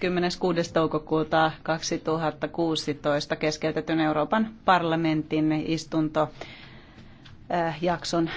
26. toukokuuta 2016 keskeytetyn Euroopan parlamentin istuntojakson